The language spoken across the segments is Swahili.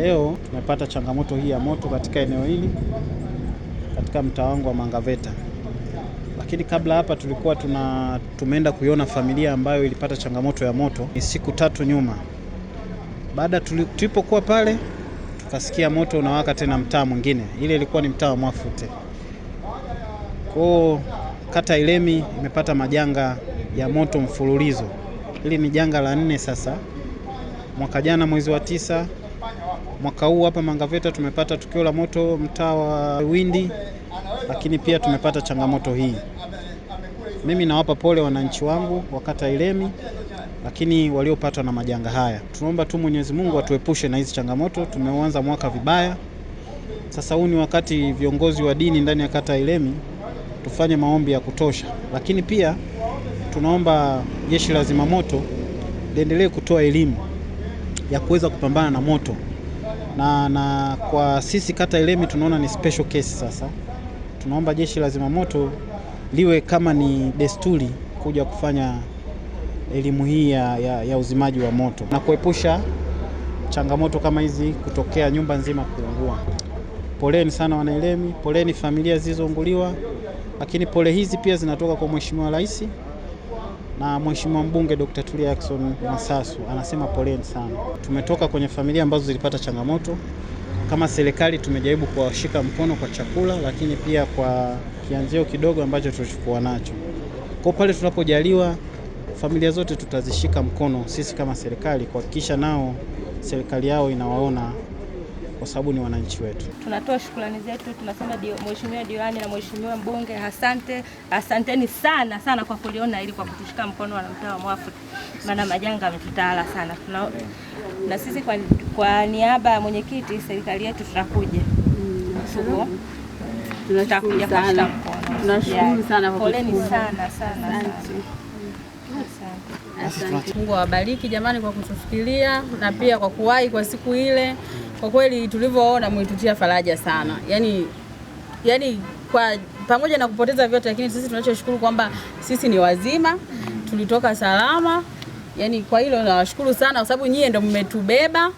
leo tumepata changamoto hii ya moto katika eneo hili katika mtaa wangu wa Mangaveta, lakini kabla hapa tulikuwa tuna tumeenda kuiona familia ambayo ilipata changamoto ya moto ni siku tatu nyuma. Baada tulipokuwa pale tukasikia moto unawaka tena mtaa mwingine, ile ilikuwa ni mtaa wa Mwafute. Kwa kata Ilemi imepata majanga ya moto mfululizo. Hili ni janga la nne sasa. Mwaka jana mwezi wa tisa Mwaka huu hapa Mangaveta tumepata tukio la moto mtaa wa Windi, lakini pia tumepata changamoto hii. Mimi nawapa pole wananchi wangu wa kata Ilemi, lakini waliopatwa na majanga haya. Tunaomba tu Mwenyezi Mungu atuepushe na hizi changamoto. Tumeuanza mwaka vibaya, sasa huu ni wakati viongozi wa dini ndani ya kata Ilemi tufanye maombi ya kutosha, lakini pia tunaomba jeshi la zimamoto liendelee kutoa elimu ya kuweza kupambana na moto na, na kwa sisi kata Ilemi tunaona ni special case. Sasa tunaomba jeshi la zimamoto liwe kama ni desturi kuja kufanya elimu hii ya, ya, ya uzimaji wa moto na kuepusha changamoto kama hizi kutokea, nyumba nzima kuungua. Poleni sana Wanailemi, poleni familia zilizounguliwa, lakini pole hizi pia zinatoka kwa Mheshimiwa Rais na Mheshimiwa mbunge Dr. Tulia Ackson masasu anasema poleni sana. Tumetoka kwenye familia ambazo zilipata changamoto. Kama serikali tumejaribu kuwashika mkono kwa chakula, lakini pia kwa kianzio kidogo ambacho tulichukua nacho. Kwa pale tunapojaliwa, familia zote tutazishika mkono sisi kama serikali kuhakikisha nao serikali yao inawaona kwa sababu ni wananchi wetu. Tunatoa shukrani zetu, tunasema mheshimiwa diwani na mheshimiwa mbunge, asante, asanteni sana sana kwa kuliona ili kwa kutushika mkono mtaa wa Mwafu, maana majanga ametutawala sana tuna, na sisi kwa, kwa niaba ya mwenyekiti serikali yetu tutakuja mm, tutakuja kushika mkono. Tunashukuru sana kwa poleni sana sana. Mungu awabariki jamani, kwa kutufikiria na pia kwa kuwahi kwa siku ile kwa kweli tulivyoona mlitutia faraja sana, yaani yani kwa pamoja na kupoteza vyote, lakini sisi tunachoshukuru kwamba sisi ni wazima, tulitoka salama. Yaani kwa hilo nawashukuru sana, kwa sababu nyinyi ndio mmetubeba,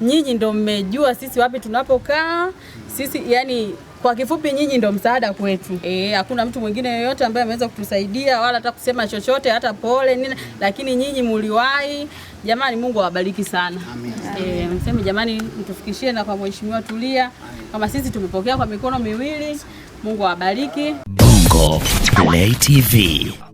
nyinyi ndio mmejua sisi wapi tunapokaa sisi, yani kwa kifupi, nyinyi ndo msaada kwetu. Eh, hakuna mtu mwingine yoyote ambaye ameweza kutusaidia wala hata kusema chochote hata pole nina, lakini nyinyi muliwahi. Jamani, Mungu awabariki sana. Amen. Eh, mseme jamani, mtufikishie na kwa Mheshimiwa Tulia kama sisi tumepokea kwa mikono miwili. Mungu awabariki. Bongo Play TV.